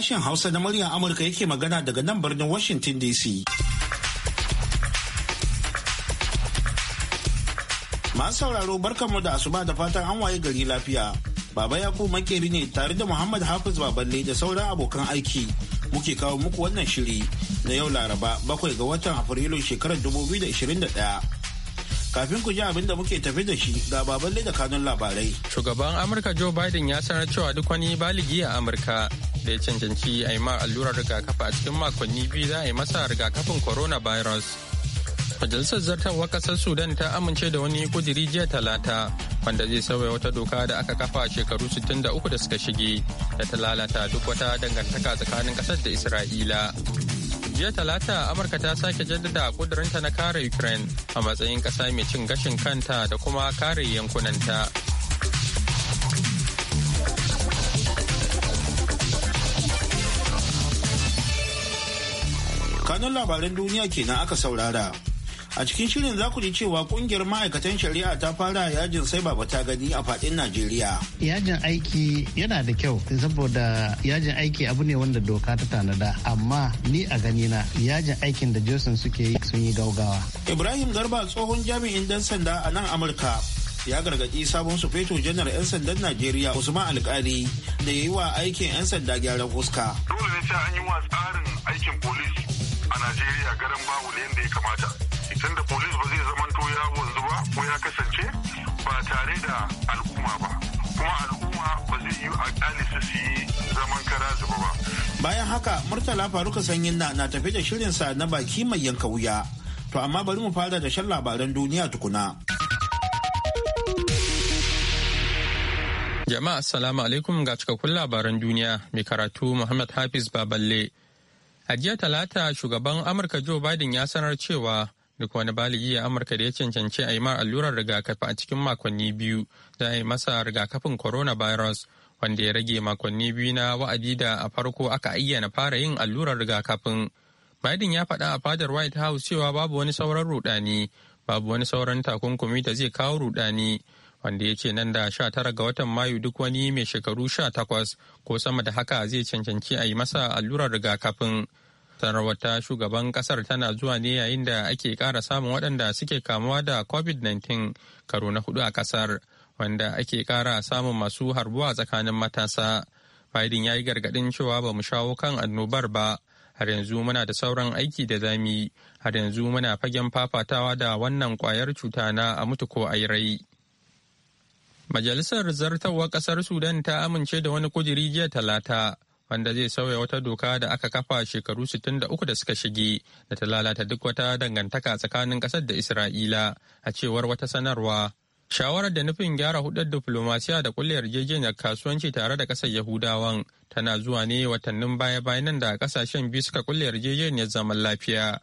sashen Hausa na murya Amurka yake magana daga nan birnin Washington DC. Masu sauraro barkanmu da asuba da fatan an waye gari lafiya. Baba yaku makeri ne tare da Muhammad Hafiz Baballe da sauran abokan aiki. Muke kawo muku wannan shiri na yau Laraba bakwai ga watan Afrilu shekarar 2021. kafin ku ji abin da muke tafi da shi ga baballe da kanun labarai. Shugaban Amurka Joe Biden ya sanar cewa duk wani baligi a Amurka da ya cancanci a yi ma allurar rigakafi a cikin makonni biyu za a yi masa rigakafin coronavirus. Majalisar zartarwar ƙasar Sudan ta amince da wani kudiri jiya talata wanda zai sauya wata doka da aka kafa shekaru 63 da suka shige da ta lalata duk wata dangantaka tsakanin ƙasar da Isra'ila. jiya talata amurka ta sake jaddada kudurinta na kare ukraine a matsayin ƙasa mai cin gashin kanta da kuma kare yankunanta kanun labaran duniya kenan aka saurara a cikin shirin za ku ji cewa kungiyar ma'aikatan shari'a ta fara yajin sai ba ta gani a fadin najeriya yajin aiki yana da kyau saboda yajin aiki abu ne wanda doka ta tanada amma ni a gani na yajin aikin da johnson suke yi sun yi gaugawa ibrahim garba tsohon jami'in dan sanda a nan amurka ya gargaɗi sabon sufeto janar 'yan sandan najeriya usman alkali da ya yi wa aikin 'yan sanda gyaran fuska dole ne sai an yi wa tsarin aikin polis Najeriya garan babu ne yadda ya kamata. Tun da polis ba zai zamanto ya wanzu ba ko ya kasance ba tare da al'umma ba. Kuma al'umma ba zai yi a ƙalisa su yi zaman kara zuba ba. Bayan haka Murtala Faruka Sanyin na na tafi da shirinsa na baki mai yanka wuya. To amma bari mu fara da shan labaran duniya tukuna. Jama'a assalamu alaikum ga cikakkun labaran duniya mai karatu Muhammad Hafiz Baballe. A jiya Talata shugaban Amurka Joe Biden ya sanar cewa duk wani baligi a Amurka da ya cancanci a yi ma allurar rigakafi a cikin makonni biyu za a yi masa rigakafin coronavirus wanda ya rage makonni biyu na wa'adi da a farko aka ayyana fara yin allurar rigakafin. Biden ya faɗa a fadar White House cewa babu wani sauran rudani, babu wani sauran takunkumi da zai kawo rudani. wanda ya ce nan da sha tara ga watan mayu duk wani mai shekaru sha takwas ko sama da haka zai cancanci a yi masa allurar rigakafin sanarwar shugaban kasar tana zuwa ne yayin da ake kara samun waɗanda suke kamuwa da covid-19 karo na hudu a kasar wanda ake kara samun masu harbuwa tsakanin matasa biden ya yi gargaɗin cewa ba mu shawo kan annobar ba har yanzu muna da sauran aiki da zami har yanzu muna fagen fafatawa da wannan kwayar cuta na a mutu ko a rai majalisar zartawa ƙasar sudan ta amince da wani kujiri jiya talata wanda zai sauya wata doka da aka kafa shekaru 63 da suka shige da ta lalata duk wata dangantaka tsakanin kasar da Isra'ila a cewar wata sanarwa. Shawarar da nufin gyara hudar diplomasiya da kulle yarjejeniyar kasuwanci tare da kasar Yahudawan tana zuwa ne watannin baya-bayan nan da kasashen biyu suka kulle yarjejeniyar zaman lafiya.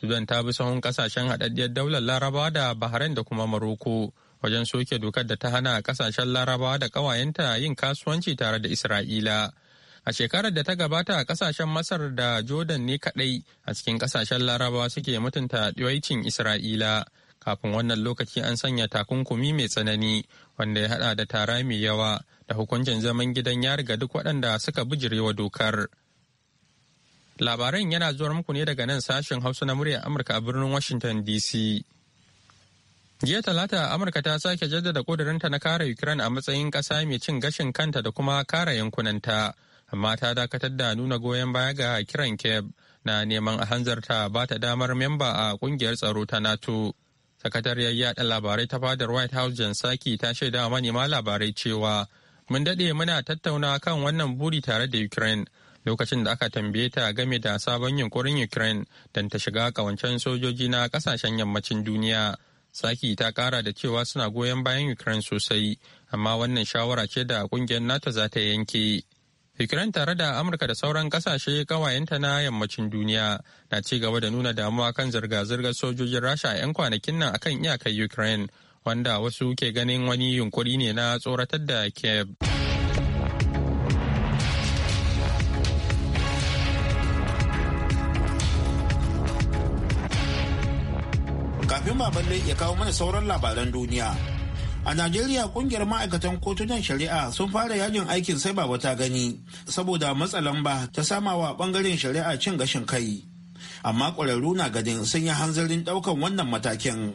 Sudan ta bi sahun kasashen haɗaɗɗiyar daular Larabawa da Bahrain da kuma Maroko wajen soke dokar da ta hana kasashen Larabawa da ƙawayenta yin kasuwanci tare da Isra'ila. A shekarar da ta gabata a kasashen Masar da Jordan ne kaɗai a cikin kasashen Larabawa suke mutunta ɗiwaicin Isra'ila. Kafin wannan lokaci an sanya takunkumi mai tsanani wanda ya haɗa da tara mai yawa da hukuncin zaman gidan yari ga duk waɗanda suka bijirewa dokar. Labaran yana zuwa muku ne daga nan sashen Hausa na muryar Amurka a birnin Washington DC. Jiya Talata, Amurka ta sake jaddada ƙudurinta na kare Ukraine a matsayin ƙasa mai cin gashin kanta da kuma kare yankunanta. amma ta dakatar da nuna goyon baya ga kiran kiev na neman a hanzarta ba ta damar memba a kungiyar tsaro ta nato sakatariyar yada labarai ta fadar white house jan saki ta shaida manema labarai cewa mun daɗe muna tattauna kan wannan buri tare da ukraine lokacin da aka tambaye ta game da sabon yunkurin ukraine don ta shiga kawancen sojoji na kasashen yammacin duniya saki ta kara da cewa suna goyon bayan ukraine sosai amma wannan shawara ce da kungiyar nato za ta yanke Ukraine tare da Amurka da sauran kasashe kawayenta na yammacin duniya na ci gaba da nuna damuwa kan zirga-zirgar sojojin Rasha a 'yan kwanakin nan akan iyakar Ukraine, wanda wasu ke ganin wani yunkuri ne na tsoratar da Kiev. Kafin baballe ya kawo mana sauran labaran duniya. A Najeriya kungiyar ma'aikatan kotunan shari'a sun fara yajin aikin sai ba wata gani saboda ba ta samawa bangaren shari'a cin gashin kai. Amma ƙwararru na gadin sun yi hanzarin ɗaukan wannan matakin.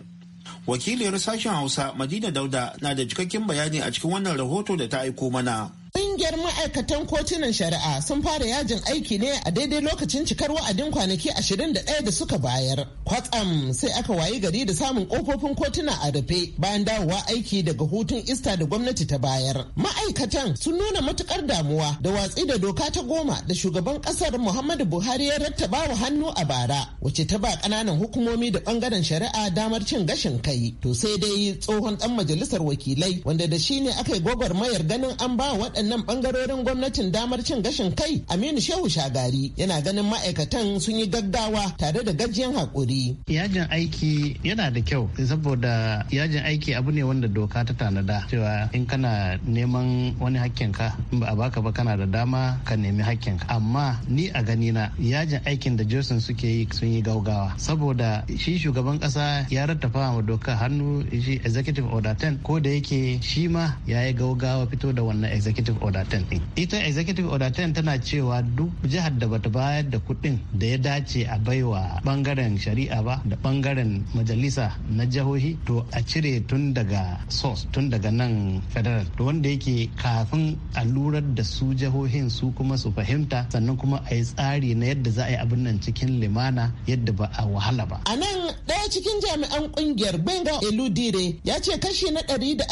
Wakiliyar sashen Hausa Madina Dauda na da cikakken bayani a cikin wannan rahoto da ta aiko mana. Kungiyar ma'aikatan kotunan shari'a sun fara yajin aiki ne a daidai lokacin cikar wa'adin kwanaki 21 da suka bayar. Kwatsam sai aka wayi gari da samun kofofin kotuna a rufe bayan dawowa aiki daga hutun ista da gwamnati ta bayar. Ma'aikatan sun nuna matukar damuwa da watsi da doka ta goma da shugaban kasar Muhammadu Buhari ya rattaba wa hannu a bara wacce ta ba kananan hukumomi da bangaren shari'a damar cin gashin kai. To sai dai tsohon dan majalisar wakilai wanda da shi ne aka yi gwagwarmayar ganin an ba waɗannan bangarorin gwamnatin damar cin gashin kai aminu shehu shagari yana ganin ma'aikatan sun yi gaggawa tare da gajiyan hakuri yajin aiki yana da kyau saboda yajin aiki abu ne wanda doka ta tanada cewa in kana neman wani ka in ba a baka ba kana da dama ka nemi hakkinka amma ni a gani na yajin aikin da johnson suke yi sun yi gaugawa saboda shi shugaban kasa ya rattafa wa doka hannu shi executive order 10 ko da yake shi ma ya yi gaugawa fito da wannan executive order order 10 din ita executive order 10 tana cewa duk jihar da bata bayar da kuɗin da ya dace a baiwa bangaren shari'a ba da bangaren majalisa na jihohi to a cire tun daga source tun daga nan federal to wanda yake kafin a lurar da su jihohin su kuma su fahimta sannan kuma a yi tsari na yadda za a yi abin nan cikin limana yadda ba a wahala ba a nan ɗaya cikin jami'an kungiyar benga eludire ya ce kashi na ɗari da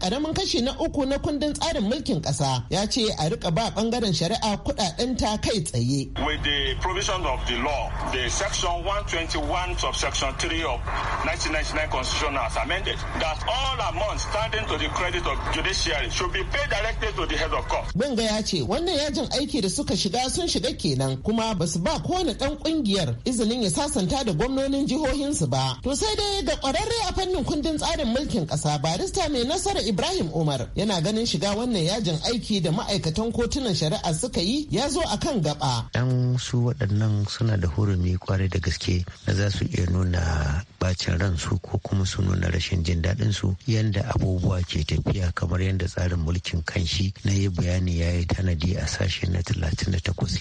ƙaramin kashi na uku na kundin tsarin mulkin kasa ya ce a rika ba bangaren shari'a kudaden ta kai tsaye. With the provision of the law, the section 121 subsection 3 of 1999 constitution has amended that all amounts standing to the credit of judiciary should be paid directly to the head of court. Benga ya ce wannan yajin aiki da suka shiga sun shiga kenan kuma ba su ba kowane dan kungiyar izinin ya sasanta da gwamnonin jihohinsu ba. To sai dai ga kwararre a fannin kundin tsarin mulkin kasa barista mai nasara Ibrahim Umar yana ganin shiga wannan yajin aiki da ma'aikatan kotunan shari'a suka yi ya zo a kan gaba. Dan su waɗannan suna da hurumi kwarai da gaske na za su iya nuna bacin ransu ko kuma su nuna rashin jin daɗin su yanda abubuwa ke tafiya kamar yanda tsarin mulkin kanshi na yi bayani ya yi tanadi a sashe na 38 39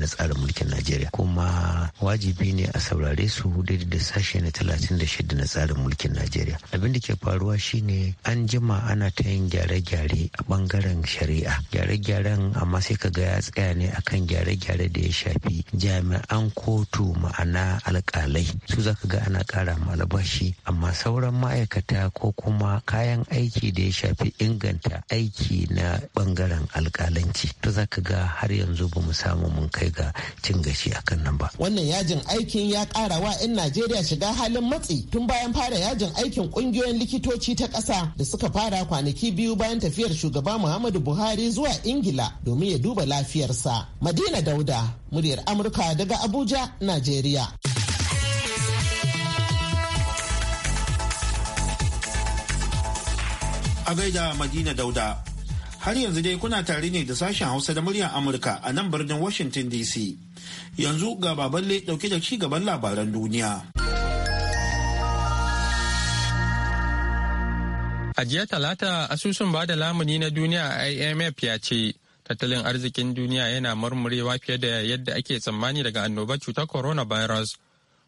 na tsarin mulkin Najeriya kuma wajibi ne a saurare su daidai da sashe na 36 na tsarin mulkin Najeriya abin da ke faruwa shine an jima ana ta yin gyare-gyare a bangaren shari'a gyare-gyaren amma sai ka ga ya tsaya ne akan gyare-gyare da ya shafi jami'an kotu ma'ana alƙalai su zaka ga ana ƙara ma albashi amma sauran ma'aikata ko kuma kayan aiki da ya shafi inganta aiki na bangaren alkalanci to zaka ga har yanzu ba mu samu mun kai ga cin gashi akan nan ba wannan yajin aikin ya kara wa 'yan najeriya shiga halin matsi tun bayan fara yajin aikin kungiyoyin likitoci ta kasa da suka fara kwanaki biyu bayan tafiyar shugaba muhammadu buhari zuwa ingila domin ya duba lafiyarsa madina dauda muryar amurka daga abuja najeriya A gaida Madina Dauda. Har yanzu dai kuna tare ne da sashen Hausa da muryar Amurka a nan birnin Washington DC. Yanzu ga baballe dauke da ci gaban labaran duniya. A jiya talata asusun bada lamuni na duniya a IMF ya ce tattalin arzikin duniya yana murmurewa fiye da yadda ake tsammani daga annobar cutar coronavirus.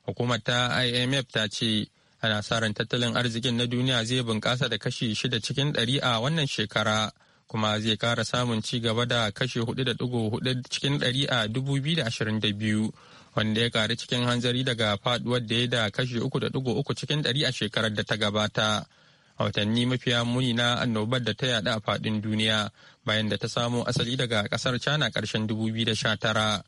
Hukumar ta IMF ta ce ana sa ran tattalin arzikin na duniya zai bunƙasa da kashi shida cikin ɗari a wannan shekara kuma zai ƙara samun ci gaba da kashi hudu da ɗigo hudu cikin ɗari a dubu biyu da ashirin da biyu wanda ya ƙaru cikin hanzari daga faɗuwar da ya da kashi uku da ɗigo uku cikin ɗari a shekarar da ta gabata a watanni mafiya muni na annobar da ta yaɗa a faɗin duniya bayan da ta samo asali daga ƙasar china karshen dubu biyu da sha tara.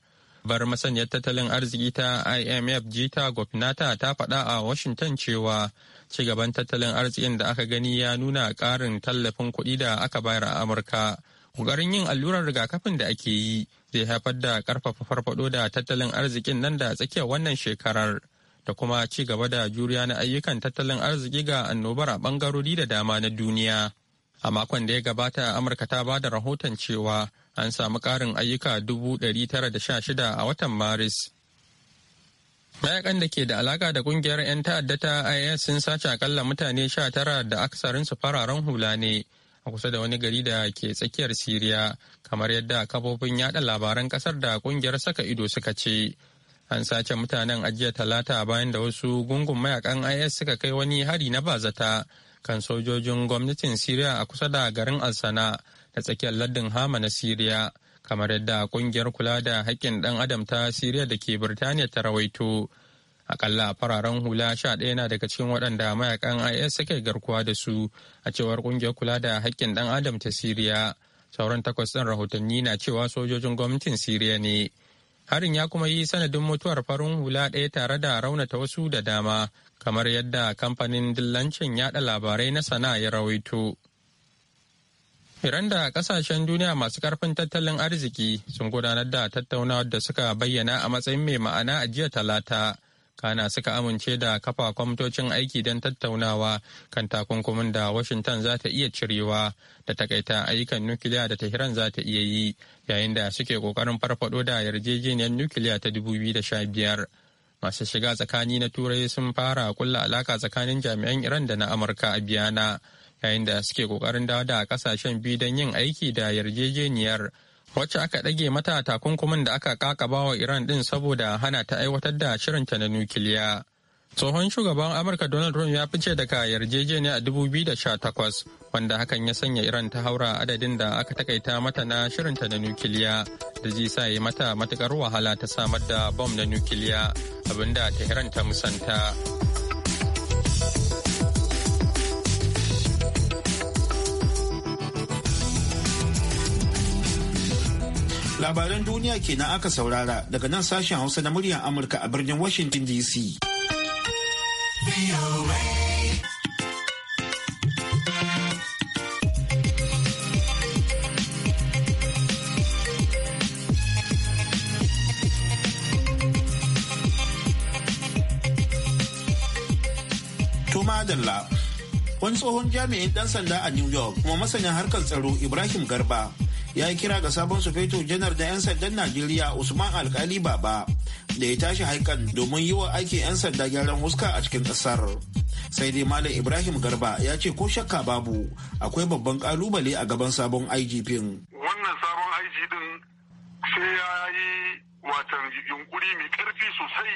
bar masaniyar tattalin arziki ta imf jita gopinata ta faɗa a washington cewa cigaban tattalin arzikin da aka gani ya nuna ƙarin tallafin kuɗi da aka bayar a amurka ƙoƙarin yin allurar rigakafin da ake yi zai haifar da ƙarfafa farfaɗo da tattalin arzikin nan da tsakiyar wannan shekarar da kuma ci gaba da juriya na ayyukan tattalin arziki ga annobar a ɓangarori da dama na duniya a makon da ya gabata amurka ta ba da rahoton cewa an samu ƙarin ayyuka shida a watan maris mayakan da ke da alaka da kungiyar 'yan ta'adda ta is sun sace akalla mutane 19 da aksarinsu fararen hula ne a kusa da wani gari da ke tsakiyar siriya kamar yadda kafofin yada labaran kasar da kungiyar saka ido suka ce an sace mutanen ajiya talata bayan da wasu gungun mayakan is suka kai wani hari na bazata kan sojojin gwamnatin siriya a kusa da garin alsana da tsakiyar lardin hama na siriya kamar yadda kungiyar kula da haƙƙin ɗan adam ta siriya da ke birtaniya ta rawaito akalla fararen hula sha ɗaya na daga cikin waɗanda mayakan is suke garkuwa da su a cewar kungiyar kula da haƙƙin ɗan adam ta siriya sauran takwas ɗin rahotanni na cewa sojojin gwamnatin siriya ne harin ya kuma yi sanadin mutuwar farin hula ɗaya tare da raunata wasu da dama kamar yadda kamfanin dillancin yada labarai na sana'a ya rawaito Iran da kasashen duniya masu karfin tattalin arziki sun gudanar da tattaunawar da suka bayyana a matsayin mai ma'ana a jiya talata. Kana suka amince da kafa kwamitocin aiki don tattaunawa kan takunkumin da Washington za ta iya cirewa da takaita ayyukan nukiliya da Tehran za ta iya yi yayin da suke kokarin farfado da yarjejeniyar nukiliya ta 2015. Masu shiga tsakani na Turai sun fara kulla alaka tsakanin jami'an Iran da na Amurka a Biyana. yayin da suke kokarin dawo da kasashen biyu don yin aiki da yarjejeniyar wacce aka ɗage mata takunkumin da aka kakaba wa iran din saboda hana ta aiwatar da shirinta na nukiliya tsohon shugaban amurka donald trump ya fice daga yarjejeniya a takwas wanda hakan ya sanya iran ta haura adadin da aka takaita mata na shirinta na nukiliya da zai sa yi mata matukar wahala ta samar da bom na nukiliya abinda ta musanta Labaran duniya kenan aka saurara daga nan sashen Hausa na muryar Amurka a birnin Washington DC. wani tsohon jami'in ɗan sanda a New York kuma masanin harkar tsaro Ibrahim Garba ya yi kira ga sabon sufeto janar da 'yan sandan najeriya usman alkali baba da ya tashi haikan domin yi wa aikin 'yan sanda gyaran huska a cikin ƙasar sai dai malam ibrahim garba ya ce ko shakka babu akwai babban kalubale a gaban sabon igp wannan sabon ig ɗin sai ya yi watan yunkuri mai karfi sosai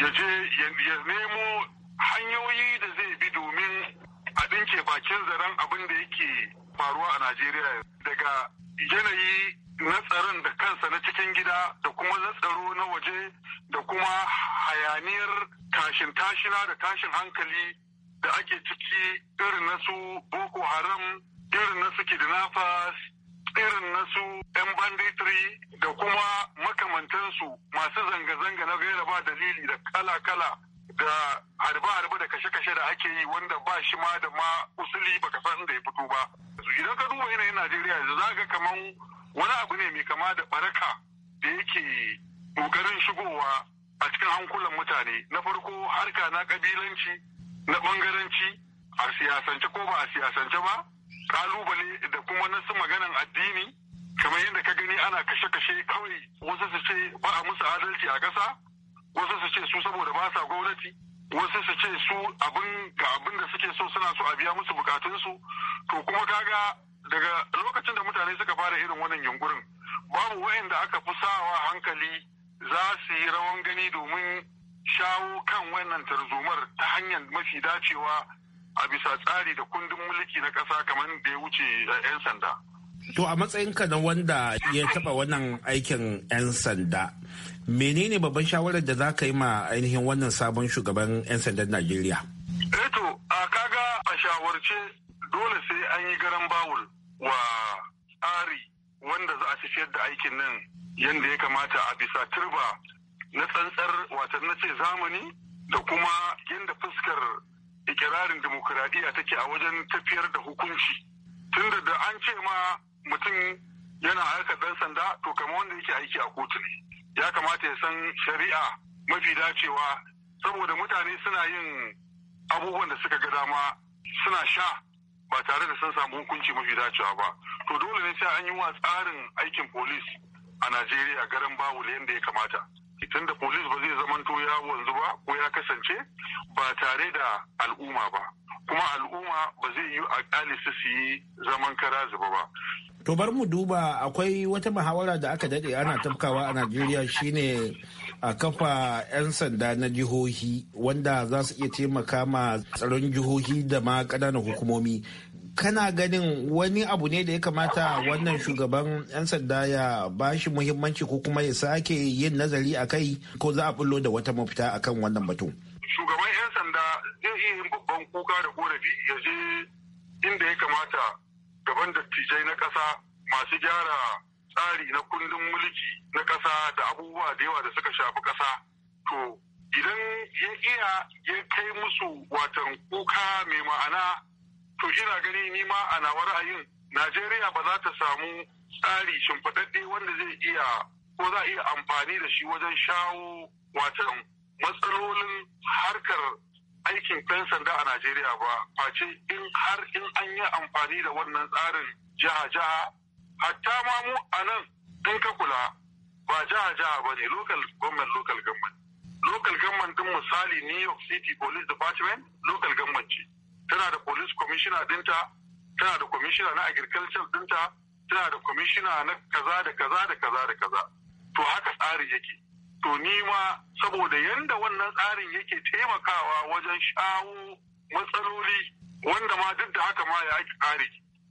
ya ya nemo hanyoyi da zai bi domin a dinke bakin zaren abin da yake faruwa a najeriya daga yanayi na tsaron da kansa na cikin gida da kuma na tsaro na waje da kuma hayaniyar tashin tashina da tashin hankali da ake ciki irin na su boko haram irin na su kidnappers irin na su 'yan banditry da kuma makamantansu masu zanga-zanga na gaira ba dalili da kala-kala da harba-harba da kashe-kashe da ake yi wanda ba shi ma da ma usuli baka san da ya fito ba. idan ka duba yanayin najeriya yanzu za ga kaman wani abu ne mai kama da baraka da yake ƙoƙarin shigowa a cikin hankulan mutane na farko harka na kabilanci na ɓangaranci a siyasance ko ba a siyasance ba kalubale da kuma nasu maganan addini kamar yadda ka gani ana kashe-kashe kawai wasu su ce ba a musu adalci a ƙasa wasu su ce su saboda ba sa gwamnati wasu su ce su abin ga abin da suke so suna so a biya musu bukatunsu to kuma kaga daga lokacin da mutane suka fara irin wannan yunkurin babu wayan da aka fi sawa hankali za su yi rawan gani domin shawo kan wannan tarzomar ta hanyar mafi dacewa a bisa tsari da kundin mulki na ƙasa kamar da ya wuce eh, 'yan sanda. To a matsayinka na wanda ya taba wannan aikin 'yan sanda, menene babban shawarar da za ka yi ma ainihin wannan sabon shugaban 'yan sandan Najeriya? Eto, eh a kaga a shawarce dole sai an yi garan bawul wa tsari wanda za a tafiyar da aikin nan yadda ya kamata a bisa turba na tsantsar wata na ce zamani da kuma yadda fuskar ikirarin dimokuraɗiyya take a wajen tafiyar da hukunci. Tunda da an ce ma mutum yana harkar ɗan sanda to kamar wanda yake aiki a kotu ne ya kamata ya san shari'a mafi dacewa saboda mutane suna yin abubuwan da suka ga dama suna sha ba tare da sun samu hukunci mafi dacewa ba to dole ne sai an yi wa tsarin aikin polis a najeriya garin bawul yadda ya kamata tun da polis ba zai zamanto ya wanzu ba ko ya kasance ba tare da al'umma ba kuma al'umma ba zai yi a su yi zaman kara zuba ba To bar mu duba akwai wata muhawara da aka daɗe ana tafkawa a Najeriya shine a kafa 'yan sanda na jihohi wanda za su iya taimaka ma tsaron jihohi da ma ƙananan hukumomi. Kana ganin wani abu ne da ya kamata wannan shugaban 'yan sanda ya bashi muhimmanci ko kuma ya sake yin nazari a kai ko za a bullo da wata mafita akan wannan batun. Shugaban 'yan sanda zai iya yin babban kuka da korafi ya je inda ya kamata gaban dattijai na ƙasa masu gyara tsari na kundin mulki na ƙasa da abubuwa da yawa da suka shafi ƙasa to idan ya iya ya kai musu watan kuka mai ma'ana to ina gani ni ma a nawa ra'ayin najeriya ba za ta samu tsari shimfiɗaɗɗe wanda zai iya ko za a iya amfani da shi wajen shawo watan matsalolin harkar aikin ɗan sanda a Najeriya ba face in har in an yi amfani da wannan tsarin jaha-jaha hatta ma mu a nan in ka kula ba jaha-jaha ba ne local government local government local government din misali New York City Police Department local government ce tana da police commissioner dinta tana da commissioner na agriculture dinta tana da commissioner na kaza da kaza da kaza da kaza to haka tsari yake to nima saboda yadda wannan tsarin yake taimakawa wajen shawo matsaloli wanda ma duk da haka ma ya ake kare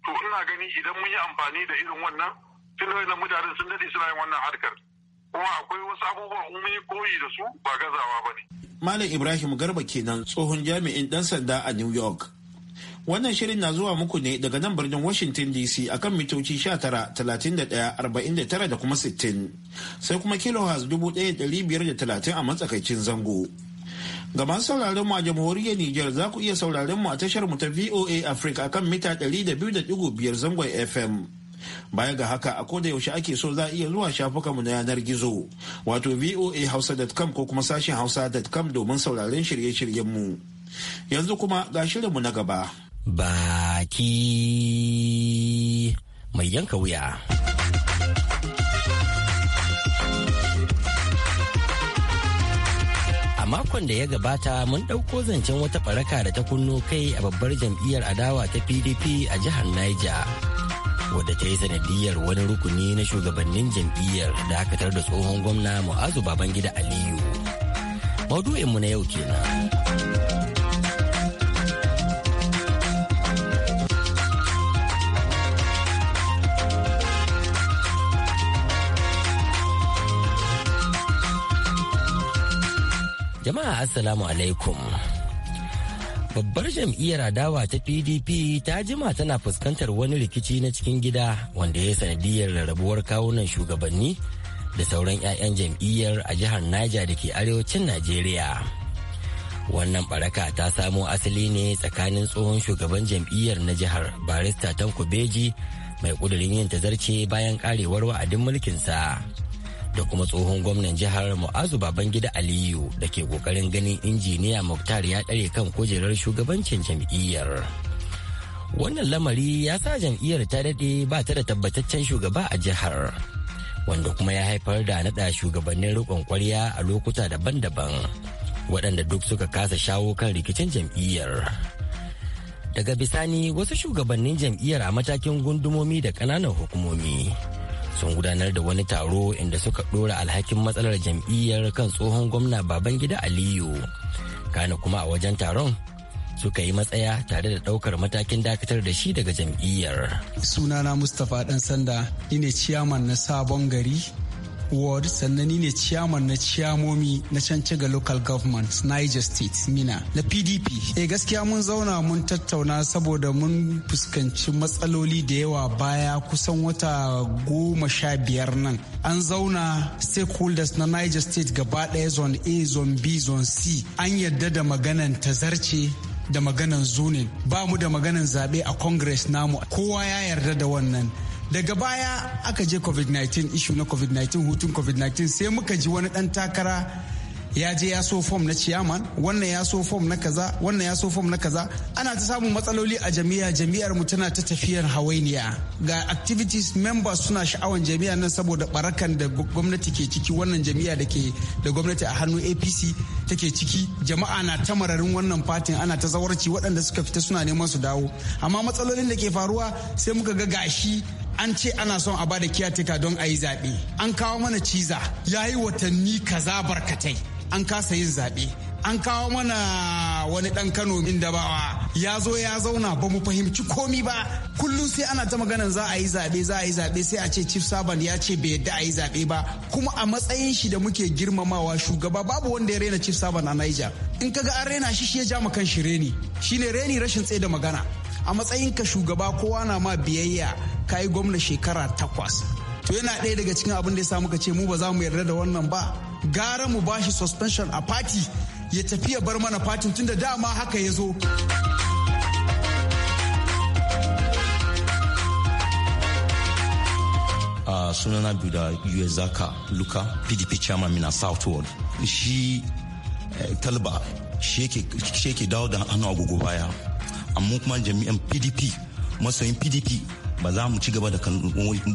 to ina gani idan mun yi amfani da irin wannan tun da mutane sun dade suna yin wannan harkar kuma akwai wasu abubuwa mun yi koyi da su ba gazawa ba ne. Malam Ibrahim Garba kenan tsohon jami'in ɗan sanda a New York. Wannan shirin na zuwa muku ne daga nan birnin Washington DC akan mitoci 19,31,49 da kuma 60. Sai kuma kilohaz 1,530 a matsakaicin zango. Ga masu sauraron mu a jamhuriyar Nijar za ku iya sauraron mu a tashar mu ta VOA Africa akan mita 200.5 zangon FM. Baya ga haka a koda yaushe ake so za a iya zuwa shafukanmu na yanar gizo wato voa voahausa.com ko kuma sashen hausa.com domin sauraron shirye-shiryen mu. Yanzu kuma ga shirinmu na gaba. baki mai yanka wuya. A makon da ya gabata mun ɗauko zancen wata ɓaraka da ta kunno kai a babbar jam'iyyar adawa ta PDP a jihar Niger. wadda ta yi sanadiyar wani rukuni na shugabannin jam'iyyar dakatar da tsohon gwamna mu'azu babangida aliyu maudu'inmu na yau kenan Jama'a Assalamu alaikum. Babbar jam'iyyar adawa ta PDP ta jima tana fuskantar wani rikici na cikin gida wanda ya sanadiyar rarrabuwar kawunan shugabanni da sauran 'ya'yan jam'iyyar a jihar Niger da ke arewacin Najeriya. wannan baraka ta samo asali ne tsakanin tsohon shugaban jam'iyyar na jihar barista tanko beji mai ƙudurin yin tazarce bayan ƙarewar wa'adin mulkinsa da kuma tsohon gwamnan jihar mu'azu babangida aliyu da ke kokarin ganin injiniya muktar ya ɗare kan kujerar shugabancin jam'iyyar wannan lamari ya sa jam'iyyar ta daɗe ba ta da tabbataccen shugaba a jihar wanda kuma ya haifar da naɗa shugabannin riƙon kwarya a lokuta daban-daban waɗanda duk suka kasa shawo kan rikicin jam'iyyar daga bisani wasu shugabannin jam'iyyar a matakin gundumomi da ƙananan hukumomi sun gudanar da wani taro inda suka ɗora alhakin matsalar jam'iyyar kan tsohon gwamna babangida aliyu kana kuma a wajen taron suka yi matsaya tare da ɗaukar matakin dakatar da shi daga jam'iyyar sunana mustapha dan sanda ne ciyaman na sabon gari ward sannani ne chairman na ciyamomi na ga local government niger state mina na pdp eh gaskiya mun zauna mun tattauna saboda mun fuskanci matsaloli da yawa baya kusan wata goma sha biyar nan an zauna stakeholders na niger state gaba ɗaya zone a zone b zone c an yadda da maganan ta zarce da maganan zunin ba mu da maganan zaɓe a congress namu kowa ya yarda da wannan daga baya aka je covid-19 issue na covid-19 hutun covid-19 sai muka ji wani dan takara ya je ya so fom na ciyaman wannan ya so fom na kaza wannan ya so fom na kaza ana ta samun matsaloli a jami'a jami'ar mu tana ta tafiyar hawainiya ga activities members suna sha'awan jami'a nan saboda barakan da gwamnati ke ciki wannan jami'a da ke da gwamnati a hannu APC take ciki jama'a na ta mararin wannan fatin ana ta zawarci waɗanda suka fita suna neman su dawo amma matsalolin da ke faruwa sai muka ga gashi an ce ana son a bada kiyatika don a yi zaɓe an kawo mana ciza ya yi watanni kaza barkatai an kasa yin zaɓe an kawo mana wani ɗan kano dabawa ya zo ya zauna ba mu fahimci komi ba kullum sai ana ta maganar za a yi zaɓe za a yi zaɓe sai a ce chief saban ya ce bai yadda a yi zaɓe ba kuma a matsayin shi da muke girmamawa shugaba babu wanda ya rena chief saban a naija in kaga an rena shi shi ya ja ma kan shi reni shine reni rashin tsaye da magana a matsayin ka shugaba kowa na ma biyayya ka yi gwamna shekara takwas to yana ɗaya daga cikin abin da ya samu ka ce mu ba za mu yarda da wannan ba gara mu bashi suspension a fati ya tafi ya bar mana fatin tunda dama haka ya zo a sunana da zaka luka pdp chairman mina southward shi eh, talba shi yake dawo da hannu agogo baya amma kuma jami'an pdp masoyin pdp ba za mu ci gaba da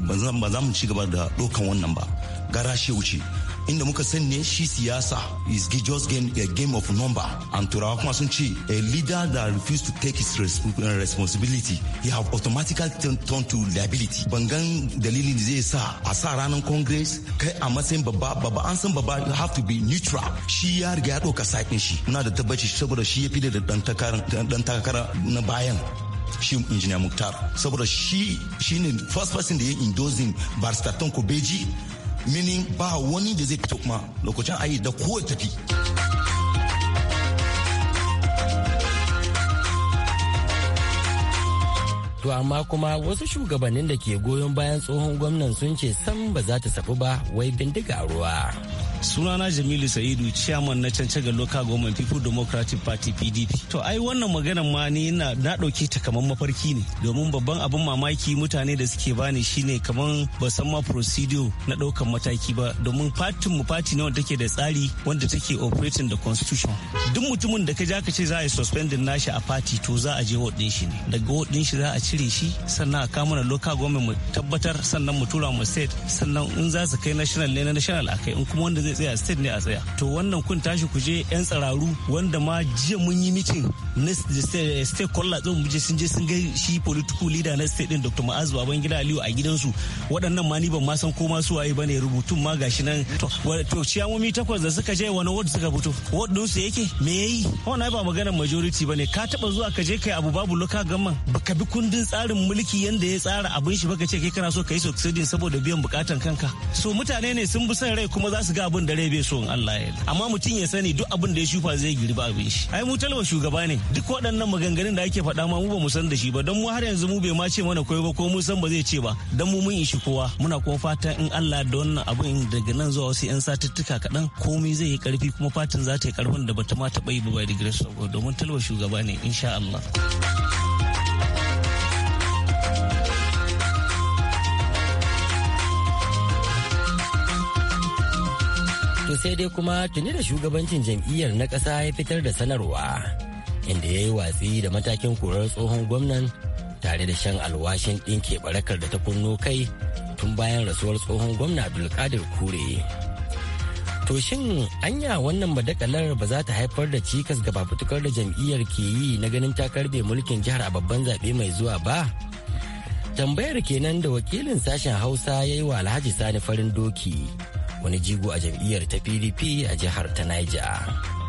ba za mu ci gaba da dokan wannan ba gara shi wuce inda muka sani ne shi siyasa is just game, a game of number and turawa kuma sun ce a leader that refuse to take his responsibility he have automatically turned to liability bangan dalilin zai sa a sa ranar congress kai a matsayin babba babba an san babba have to be neutral shi ya riga ya doka sakin shi muna da tabbaci saboda shi ya fi da dan takara na bayan shi injiniya muktar saboda shi shine first person da ya indozin barista tonko beji mini ba wani da zai fito kuma lokacin ayi da kowai tafi To amma kuma wasu shugabannin da ke goyon bayan tsohon gwamnan sun ce san ba za ta safi ba wai bindiga ruwa. sunana jamilu sa'idu chairman na cancaga local government people democratic party pdp to ai wannan magana ma ni na ɗauke ta kamar mafarki ne domin babban abin mamaki mutane da suke bani shine kamar ba san ma procedure na ɗaukan mataki ba domin fatin mu fati ne wanda take da tsari wanda take operating da constitution duk mutumin da ka ja ka ce za a yi suspending nashi a fati to za a je ward din shi ne daga ward din shi za a cire shi sannan a kama na local government mu tabbatar sannan mu tura mu state sannan in za su kai national ne na national akai in kuma wanda zai tsaya state ne a tsaya to wannan kun tashi ku je yan tsararu wanda ma jiya mun yi mitin na state kwalla eh, din muje sun je sun ga shi political leader na state din dr ma'azu gida aliyu a gidansu waɗannan ma ni ban ma san ko ma su waye bane rubutun ma gashi nan to ciyamomi takwas da suka je wani ward suka fito ward din su yake me yayi wannan ba maganar majority bane ka taba zuwa ka je kai abu babu ga gamman baka bi kundin tsarin mulki yanda ya tsara abin shi baka ce kai kana so kai succeeding saboda biyan bukatan kanka so mutane ne sun bi son rai kuma za su ga abin da rai bai so in Allah ya amma mutum ya sani duk abin da ya shufa zai girba abin shi ai mu talba shugaba ne duk waɗannan maganganun da ake faɗa ma mu ba mu san da shi ba don mu har yanzu mu bai ma ce mana koyo ba ko mu san ba zai ce ba don mu mun yi shi kowa muna kuma fatan in Allah da wannan abin daga nan zuwa wasu yan satuttuka kaɗan komai zai yi karfi kuma fatan za ta yi karfin da bata ma taɓa yi ba ba the grace of domin talba shugaba ne insha Allah. To sai dai kuma tuni da shugabancin jam'iyyar na ƙasa ya fitar da sanarwa inda ya yi watsi da matakin korar tsohon gwamnan tare da shan alwashin ɗinke barakar da ta kunno kai tun bayan rasuwar tsohon gwamna Abdulkadir Kure. To shin anya wannan madakalar ba za ta haifar da cikas ga fafutukar da jam'iyyar ke yi na ganin ta karbe mulkin jihar a babban zaɓe mai zuwa ba? Tambayar kenan da wakilin sashen Hausa ya yi wa Alhaji Sani farin doki. wani jigo a jam'iyyar ta pdp a jihar ta niger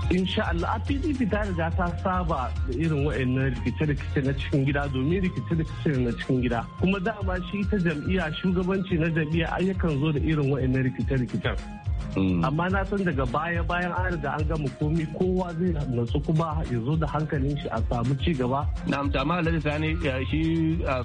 insha Allah a PDP ta riga ta saba da irin wa'annan rikice-rikice na cikin gida domin rikice-rikice na cikin gida kuma dama shi ta jam'iyya shugabanci na jam'iyya ayyukan zo da irin wa'annan rikice-rikicen Mm. amma na san daga baya bayan an riga an gama komai kowa zai natsu kuma ya zo da hankalin shi a samu ci gaba na amsa ma alhaji sani shi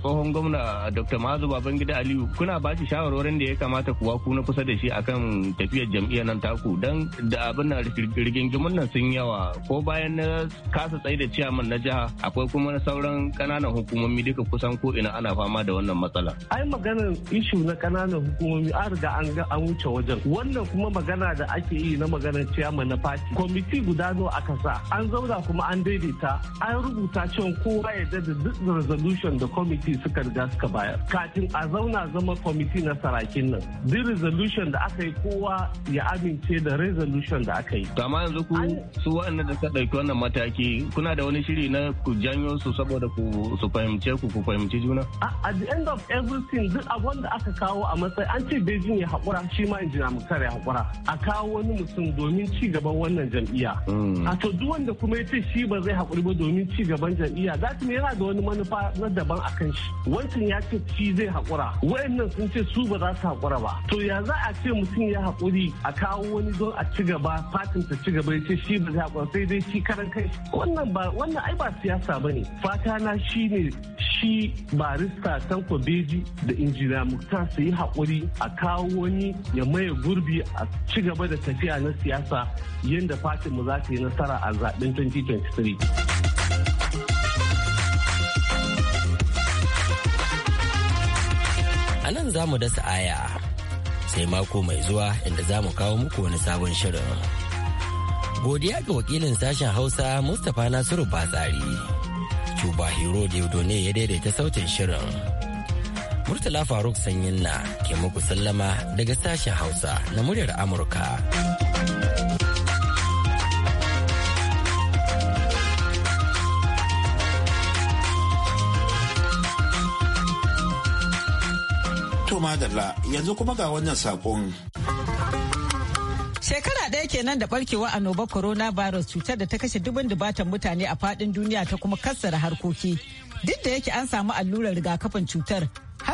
tsohon gwamna dr mazu babangida aliyu kuna ba shi shawarwarin da ya kamata kuwa ku na kusa da shi akan tafiyar jam'iyyar nan taku dan da abin nan rigingimun nan sun yawa ko bayan na kasa tsaye da ciyaman na jiha akwai kuma na sauran kananan hukumomi duka kusan ko ina ana fama da wannan matsala ai maganar ishu na kananan hukumomi an riga an wuce wajen wannan kuma magana da ake yi na maganar ciyama na fati kwamiti guda nawa a kasa an zauna kuma an daidaita an rubuta cewa kowa ya da duk resolution da kwamiti suka riga suka bayar kafin a zauna zama kwamiti na sarakin nan duk resolution da aka yi kowa ya amince da resolution da aka yi amma yanzu ku su waɗanda da suka ɗauki wannan mataki kuna da wani shiri na ku janyo su saboda ku su fahimce ku ku fahimci juna at the end of everything duk abin da aka kawo a matsayi an ce Beijing ya haƙura shi ma injina mu kare haƙura a kawo wani mutum domin ci gaban wannan jam'iyya hmm. a to duk wanda kuma ya ce shi ba zai haƙuri ba domin ci gaban jam'iyya za su yana da wani manufa na daban a kan shi wancan ya ce shi zai haƙura wayannan sun ce su ba za su haƙura ba to ya za a ce mutum ya haƙuri a kawo wani don a ci gaba fatin ta ci gaba ya ce shi ba zai haƙura sai dai shi karan kai wannan ba wannan ai ba siyasa bane fata na shine shi barista sanko beji da injiniya mukta su yi haƙuri a kawo wani ya maye gurbi a ci gaba da tafiya na siyasa yadda Fatima za ta yi nasara a zaben 2023. A nan za mu dasa aya sai mako mai zuwa inda za mu kawo muku wani sabon shirin. Godiya ga wakilin sashen Hausa Mustapha Nasiru Batsari. Cuba Hero ne ya daidaita sautin shirin. Murtala Faruk Sanyin na ke muku sallama daga sashen Hausa na muryar Amurka. To madalla yanzu kuma ga wannan saƙon. Shekara ɗaya kenan da barkewa Corona Virus cutar da ta kashe dubin dubatan mutane a faɗin duniya ta kuma kassara harkoki. Duk da yake an samu allurar rigakafin cutar,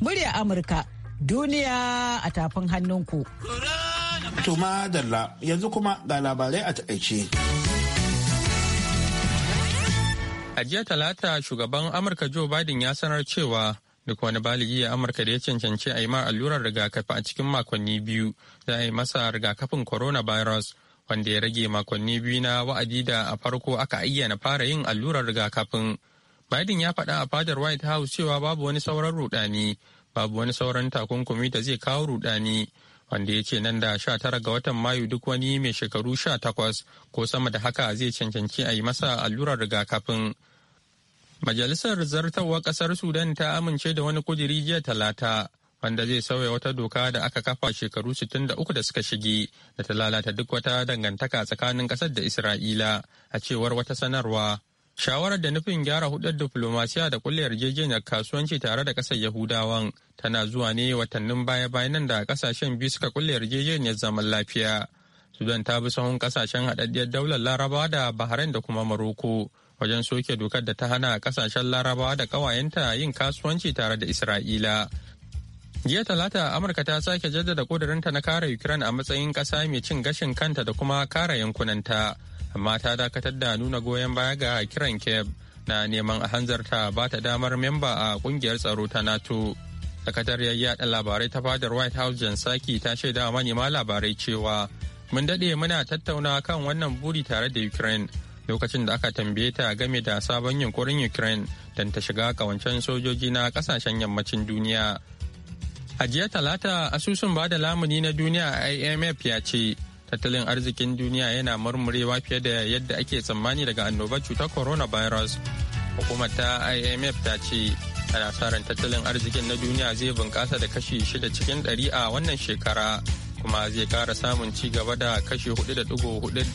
murya Amurka duniya a tafin hannunku. Tuma Dalla yanzu kuma ga labarai a takaice. A jiya talata shugaban Amurka Joe Biden ya sanar cewa duk wani baligi a Amurka da ya cancanci a yi ma allurar rigakafi a cikin makonni biyu za a yi masa rigakafin coronavirus wanda ya rage makonni biyu na wa'adi da a farko aka ayyana fara yin allurar rigakafin. Biden ya faɗa a fadar White House cewa babu wani sauran rudani, babu wani sauran takunkumi da zai kawo rudani, wanda ya ce nan da sha tara ga watan Mayu duk wani mai shekaru sha takwas ko sama da haka zai cancanci a yi masa allurar rigakafin. Majalisar zartarwa ƙasar Sudan ta amince da wani kudiri jiya talata. wanda zai sauya wata doka da aka kafa shekaru 63 da suka shige da ta lalata duk wata dangantaka tsakanin ƙasar da Isra'ila a cewar wata sanarwa. Shawarar da nufin gyara hudar diflomasiya da kulle yarjejeniyar kasuwanci tare da kasar Yahudawan tana zuwa ne watannin baya-bayan nan da kasashen biyu suka kulle yarjejeniyar zaman lafiya. Sudan ta bi sahun kasashen haɗaɗɗiyar daular Larabawa da Bahrain da kuma Maroko wajen soke dokar da ta hana kasashen Larabawa da ƙawayenta yin kasuwanci tare da Isra'ila. Jiya Talata, Amurka ta sake jaddada kudurinta na kare Ukraine a matsayin ƙasa mai cin gashin kanta da kuma kare yankunanta. amma ta dakatar da nuna goyon baya ga kiran kyiv na neman a hanzarta ba ta damar memba a kungiyar tsaro ta nato sakatariyar yada labarai ta fadar white house jan saki ta shaida wa manema labarai cewa mun daɗe muna tattauna kan wannan buri tare da ukraine lokacin da aka tambaye ta game da sabon yunkurin ukraine don ta shiga kawancen sojoji na kasashen yammacin duniya a jiya talata asusun bada lamuni na duniya imf ya ce tattalin arzikin duniya yana murmurewa fiye da yadda ake tsammani daga annobar cutar coronavirus hukumar ta imf ta ce ana tattalin arzikin na duniya zai bunkasa da kashi shida cikin dari a wannan shekara kuma zai ƙara samun ci gaba da kashi hudu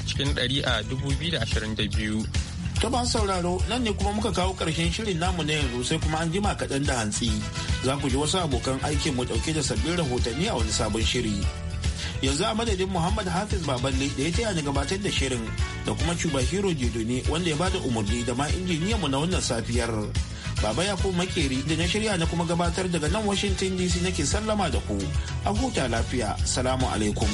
cikin dari a biyu. ta ban sauraro nan ne kuma muka kawo karshen shirin namu na yanzu sai kuma an jima kaɗan da hantsi za ku ji wasu abokan aikin mu ɗauke da sabbin rahotanni a wani sabon shiri. yanzu a madadin muhammad hafiz baballe da ya taya ni gabatar da shirin da kuma cuba hero ne wanda ya bada umarni da ma injiniyan mu na wannan safiyar baba ya ko makeri da na shirya na kuma gabatar daga nan washington dc nake sallama da ku a huta lafiya salamu alaikum